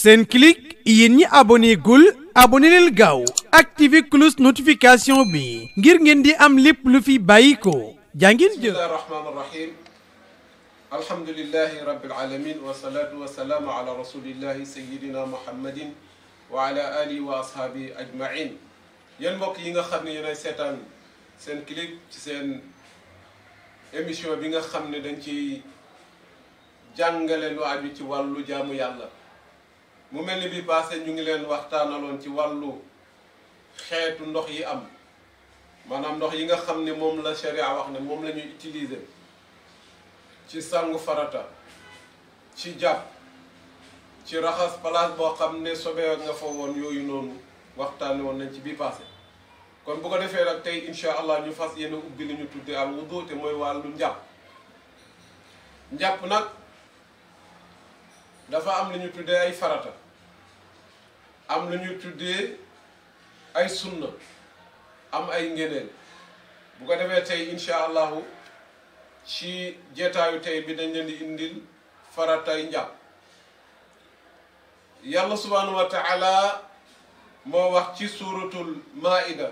seen yéen ñi abonné gul abonné leen gaaw activé cloche notification bi ngir ngeen di am lépp lu fi bàyyi ko jàngin jë bismillahi rahmaani rahim alhamdulillahi rabbil alamin wa salaatu wa salaamu ala rasulillahi sayyidina muhammadin wa ala wa ashaabi ajmain yéen mbokk yi nga xam ne yéenay seetaan Senclic ci seen émission bi nga xam ne dañ ci jàngale lu ci wàllu jaamu yàlla mu mel ni bi passé ñu ngi leen waxtaanaloon ci wàllu xeetu ndox yi am maanaam ndox yi nga xam ne moom la sharia wax ne moom la ñuy utiliser ci sangu farata ci jàpp ci raxas place boo xam ne sobe nga fa woon yooyu noonu waxtaane woon nañ ci bi passé kon bu ko defee nag tey incha allah ñu fas yéene ubbi li ñu tudde al wudu te mooy wàllu njàpp njàpp nag dafa am li ñu tuddee ay farata am lu ñu tuddee ay sunna am ay ngeneen bu ko defee tey incha allahu ci jeetaayu tey bi dañ leen di indil faratay njàpp yàlla subhanahu wa taala moo wax ci suratul maida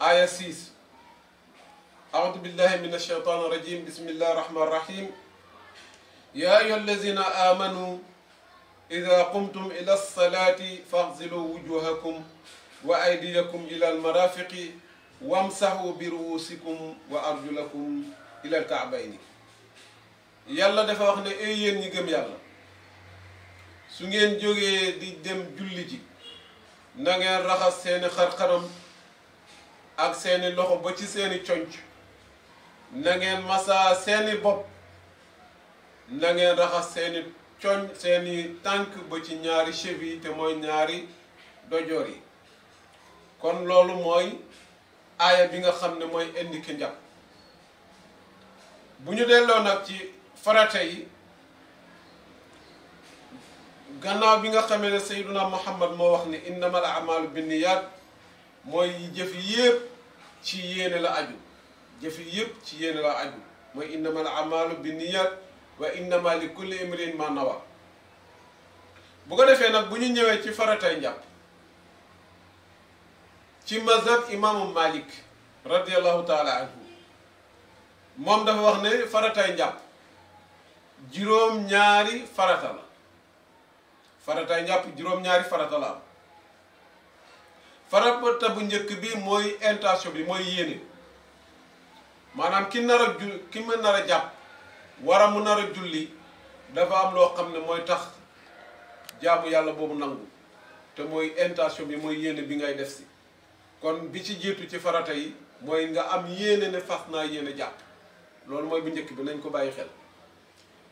aya 6 aoudu billahi min alsheitan irajim bismillahi rahmani rahim ya ayuha amanu ida qumtum ila alsalati faghsilu wujuhakum wa aydiyakum ila almarafiqi wamsahu bi ruusikum wa arjulakum ila alkaabayni yàlla dafa wax ne ay yéen ñi gëm yàlla su ngeen jógee di dem julli ji na raxas seeni xar ak seeni loxo ba ci seeni conc na ngeen masaa seeni bopp na ngeen raxas seeni coñ seeni tànk ba ci ñaari cheville te mooy ñaari dojoor yi kon loolu mooy aaya bi nga xam ne mooy indique njàpp bu ñu delloo nag ci farata yi gannaaw bi nga xamee ne sayduna muhammad moo wax ni innamal amalu binniyaat mooy jëf yépp ci yéene la aju jëf yépp ci yéene la aju mooy innamal amalu binniyaat wa innama li kulli imrin ma bu ko defee nag bu ñu ñëwee ci faratay njàpp ci mazhab imaamu malik radiallahu taala moom dafa wax ne faratay njàpp juróom-ñaari farata la bu njëkk bi mooy intention bi mooy yéene maanaam ki nar a ju ki ma nar jàpp waramu a nar a julli dafa am loo xam ne mooy tax jaamu yàlla boobu nangu te mooy intention bi mooy yéene bi ngay def si kon bi ci jiitu ci farata yi mooy nga am yéene ne fas naa yéene jàpp loolu mooy bu njëkk bi nañ ko bàyyi xel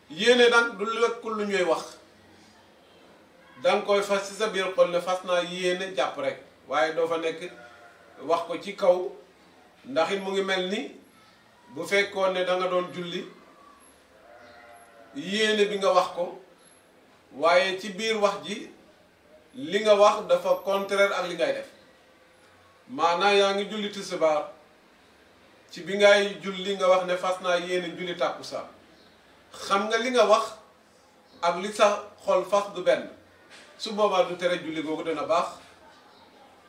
yéene nag du lekkul lu ñuy wax danga koy fas ci sa biir xol ne fas naa yéene jàpp rek waaye doo fa nekk wax ko ci kaw ndaxit mu ngi mel ni bu fekkoon ne danga doon julli yéene bi nga wax ko waaye ci biir wax ji li nga wax dafa contraire ak li ngay def maanaam yaa ngi julli tisbaar ci bi ngay julli nga wax ne fas naa yéene julli sa xam nga li nga wax ak li sa xol fas du benn su boobaa du tere julli googu dana baax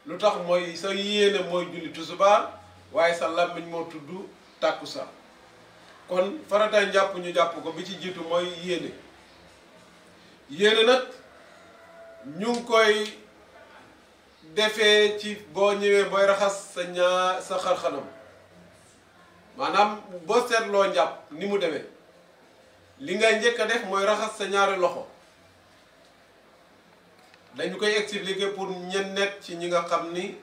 lu tax mooy sa yéene mooy julli tisbaar waaye sa làmmiñ moo tudd sa kon farataay njàpp ñu jàpp ko bi ci jiitu mooy yéene yéene nag ñu ngi koy defee ci boo ñëwee booy raxas sa ñaa sa xar-xanam maanaam boo seetloo njàpp ni mu demee li ngay njëkk a def mooy raxas sa ñaari loxo dañu koy expliquer pour ñenn nekk ci ñi nga xam ni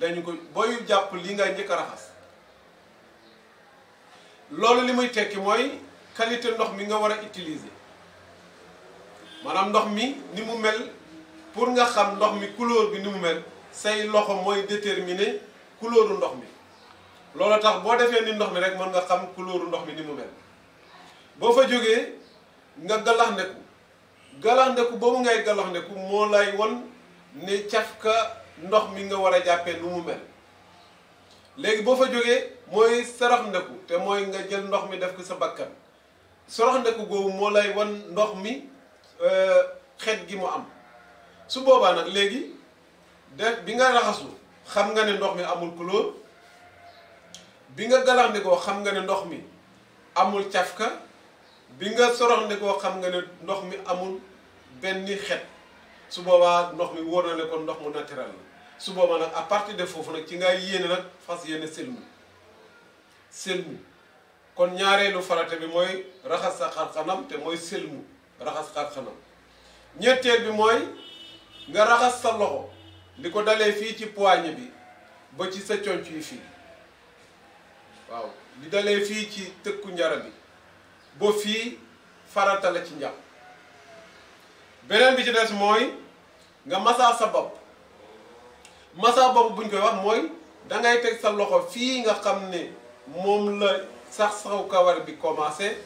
dañu ko booy jàpp li ngay njëkk raxas loolu li muy tekki mooy qualité ndox mi nga war a utiliser maanaam ndox mi ni mu mel pour nga xam ndox mi couleur bi ni mu mel say loxo mooy déterminer couleuru ndox mi loolu tax boo defee ni ndox mi rek mën nga xam couleuru ndox mi ni mu mel boo fa jógee nga galax ndeku galax ndeku boobu ngay galax ndeku moo lay won ne cafka ndox mi nga war a jàppee lu mu mel léegi boo fa jógee mooy sarax ndeku te mooy nga jël ndox mi def ko sa bakkan sarax ndeku googu moo lay wan ndox mi euh, xet gi mu am su boobaa nag léegi def bi nga raxasu xam nga ne ndox mi amul couleur bi nga galaxndikoo xam nga ne ndox mi amul cafka bi nga soroxndikoo xam nga ne ndox mi amul benn xet su boobaa ndox mi wóor na ne ko ndox mu naturel la su boobaa nag à partir de foofu nag ci nga yéene nag fas yéene selmu selmu kon ñaareelu farata bi mooy raxas sa xar xanam te mooy selmu raxas xar xanam ñetteel bi mooy nga raxas sa loxo li ko dalee fii ci poigne bi ba ci sa conc yi fii waaw li dalee fii ci tëkku njara bi ba fii farata ci njàpp beneen bi ci des mooy nga masaa sa bopp massa boobu buñ koy wax mooy dangay ngay teg sa loxo fii nga xam ne moom la sax saxu kawar bi commencé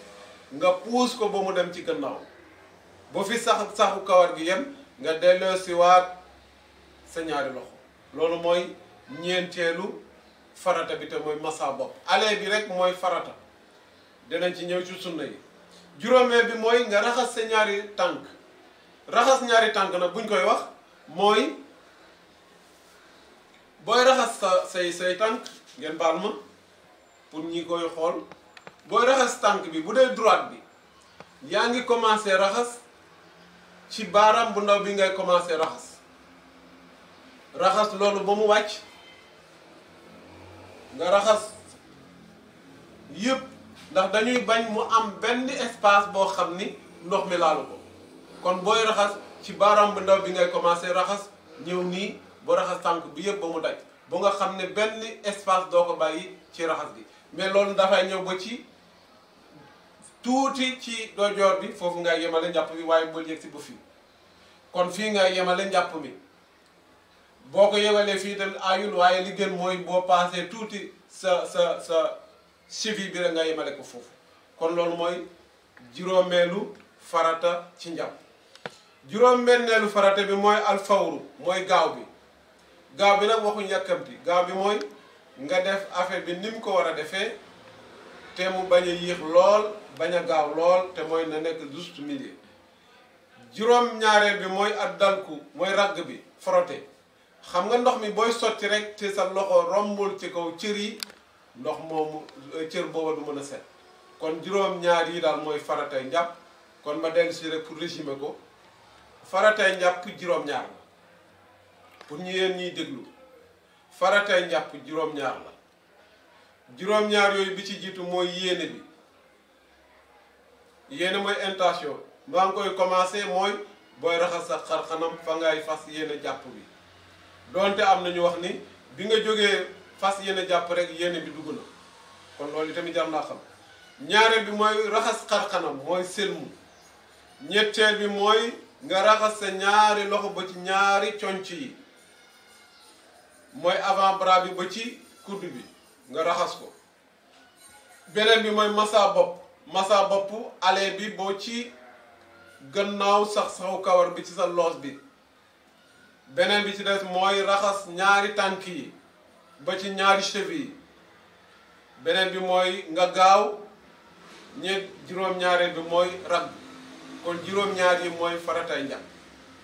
nga puus ko ba mu dem ci gannaaw bu fi sax saxu kawar gi yem nga delloo siwaat sa ñaari loxo loolu mooy ñeenteelu farata bi te mooy massa bopp ale bi rek mooy farata dinañ ci ñëw ci sunna yi juróomee bi mooy nga raxas sa ñaari tànk raxas ñaari tànk nag buñ koy wax mooy booy raxas sa say say tànk ngeen baal ma pour ñi koy xool booy raxas tànk bi bu dee droite bi yaa ngi commencé raxas ci baaraam bu ndaw bi ngay commencé raxas raxas loolu ba mu wàcc nga raxas yëpp ndax dañuy bañ mu am benn espace boo xam ni ndox mi laalu ko kon booy raxas ci baaraam bu ndaw bi ngay commencé raxas ñëw nii bu raxas tànk bi yëpp ba mu daj bu nga xam ne benn espace doo ko bàyyi ci raxas bi mais loolu dafay ñëw ba ci tuuti ci dojoor bi foofu ngay yemale njàpp bi waaye bul yegg si ba fii kon fii nga yemale njàpp bi boo ko yemalee fii tamit ayul waaye li gën mooy boo paasee tuuti sa sa sa cheville bi rek nga yemale ko foofu kon loolu mooy juróomeelu farata ci njàpp juróom-benneelu farata bi mooy alfawru mooy gaaw bi gaaw bi nag waxuñ yàkkamti gaaw bi mooy nga def affaire bi ni mu ko war a defee te mu bañ a yéex lool bañ a gaaw lool te mooy na nekk juste milieu juróom-ñaareel bi mooy ak dalku mooy ragg bi frotté xam nga ndox mi booy sotti rek te sa loxo rombul ci kaw cër yi ndox moomu euh, cër booba du mën a set kon juróom-ñaar yi daal mooy faratay njàpp kon ma dellu si rek pour résumer ko faratay njàpp juróom-ñaar pour ñu yéen ñuy déglu faratay njàpp juróom-ñaar la juróom-ñaar yooyu bi ci jiitu mooy yéene bi yéene mooy intention maa ngi koy commencé mooy booy raxas sa xarxanam fa ngay fas yéene jàpp bi doonte am nañu wax ni bi nga jógee fas yéene jàpp rek yéene bi dugg na kon loolu itamit jar naa xam ñaareel bi mooy raxas xarxanam mooy sëlmu ñetteel bi mooy nga raxas sa ñaari loxo ba ci ñaari conc yi mooy avant bras bi ba ci kudd bi nga raxas ko beneen bi mooy massa bopp massa bopp ale bi boo ci gannaaw sax saxu kawar bi ci sa loos bi beneen bi ci des mooy raxas ñaari tànk yi ba ci ñaari cheville beneen bi mooy nga gaaw ñeent juróom-ñaareel bi mooy rag kon juróom-ñaar yi mooy faratay njàpp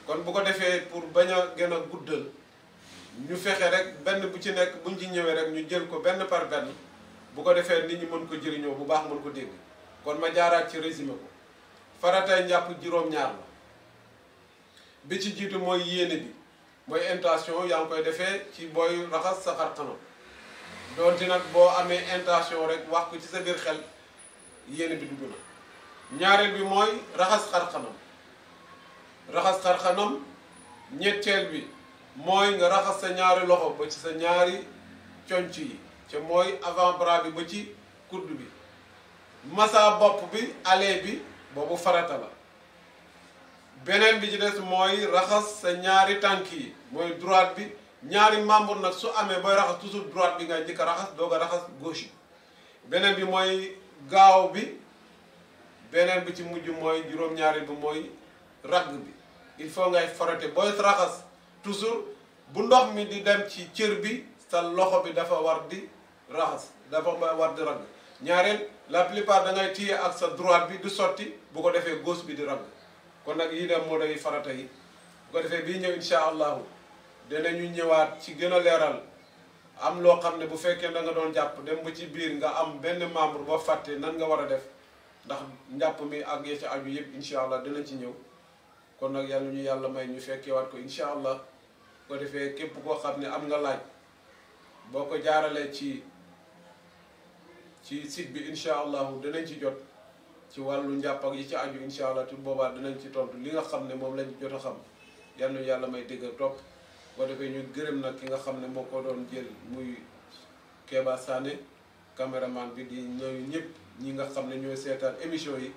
kon bu ko defee pour bañ a gën a guddal ñu fexe rek benn bu ci nekk buñ ci ñëwee rek ñu jël ko benn par benn bu ko defee nit ñi mën ko jëriñoo bu baax mën ko dégg kon ma jaaraat ci résumé ko faratay njàpp juróom-ñaar la bi ci jiitu mooy yéene bi mooy intention yaa ngi koy defee ci booy raxas sa xar kanam doonte nag boo amee intention rek wax ko ci sa biir xel yéene bi dugg na ñaareel bi mooy raxas xar kanam raxas xar kanam ñetteel bi mooy nga raxas sa ñaari loxo ba ci sa ñaari conc yi ca mooy avant bras bi ba ci kudd bi masa bopp bi ale bi boobu farata la beneen bi ci des mooy raxas sa ñaari tànk yi mooy droite bi ñaari membre nag su amee booy raxas toujours droite bi nga njëkk raxas doog a raxas gauche beneen bi mooy gaaw bi beneen bi ci mujj mooy juróom-ñaari bi mooy ragg bi il faut ngay farate booy raxas toujours bu ndox mi di dem ci cër bi sa loxo bi dafa war di raxas dafa war di ragg ñaareel la plupart da ngay téye ak sa droit bi du sotti bu ko defee goos bi di ragg kon nag yi dem moo day farata yi bu ko defee bii ñëw incha allahu danañu ñëwaat ci gën a leeral am loo xam ne bu fekkee da nga doon jàpp dem ba ci biir nga am benn membre boo fàtte nan nga war a def ndax njàpp mi ak ya ci aju yëpp incha allah dinañ ci ñëw kon nag yàlla ñu yàlla may ñu fekkeewaat ko incha allah koo defee képp koo xam ne am nga laaj boo ko jaaralee ci ci site bi incha allahu danañ ci jot ci wàllu njàpp ak yi ci aju incha allah tout boobaa dinañ ci tontu li nga xam ne moom lañ jot a xam yal na yàlla may dëgg topp boo defee ñu gërëm nag ki nga xam ne moo ko doon jël muy Kéba Sané caméraman bi di ñëpp ñi nga xam ne ñooy seetaan émission yi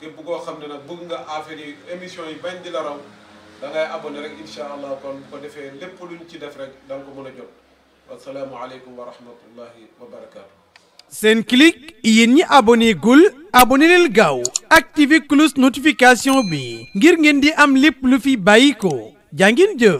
képp koo xam ne nag bëgg nga affaire yi émission yi bañ di la raw da ngay abonné rek incha allah kon bu ko defee lépp luñ ci def rek da nga a jot wasalaamualeykum wa rahmatullahi wa barakaatu. Senclic yéen ñi abonné gul abonné leen gaaw activé cloche notification bi ngir ngeen di am lépp lu fi bàyyiko ko jaa ngeen jëf.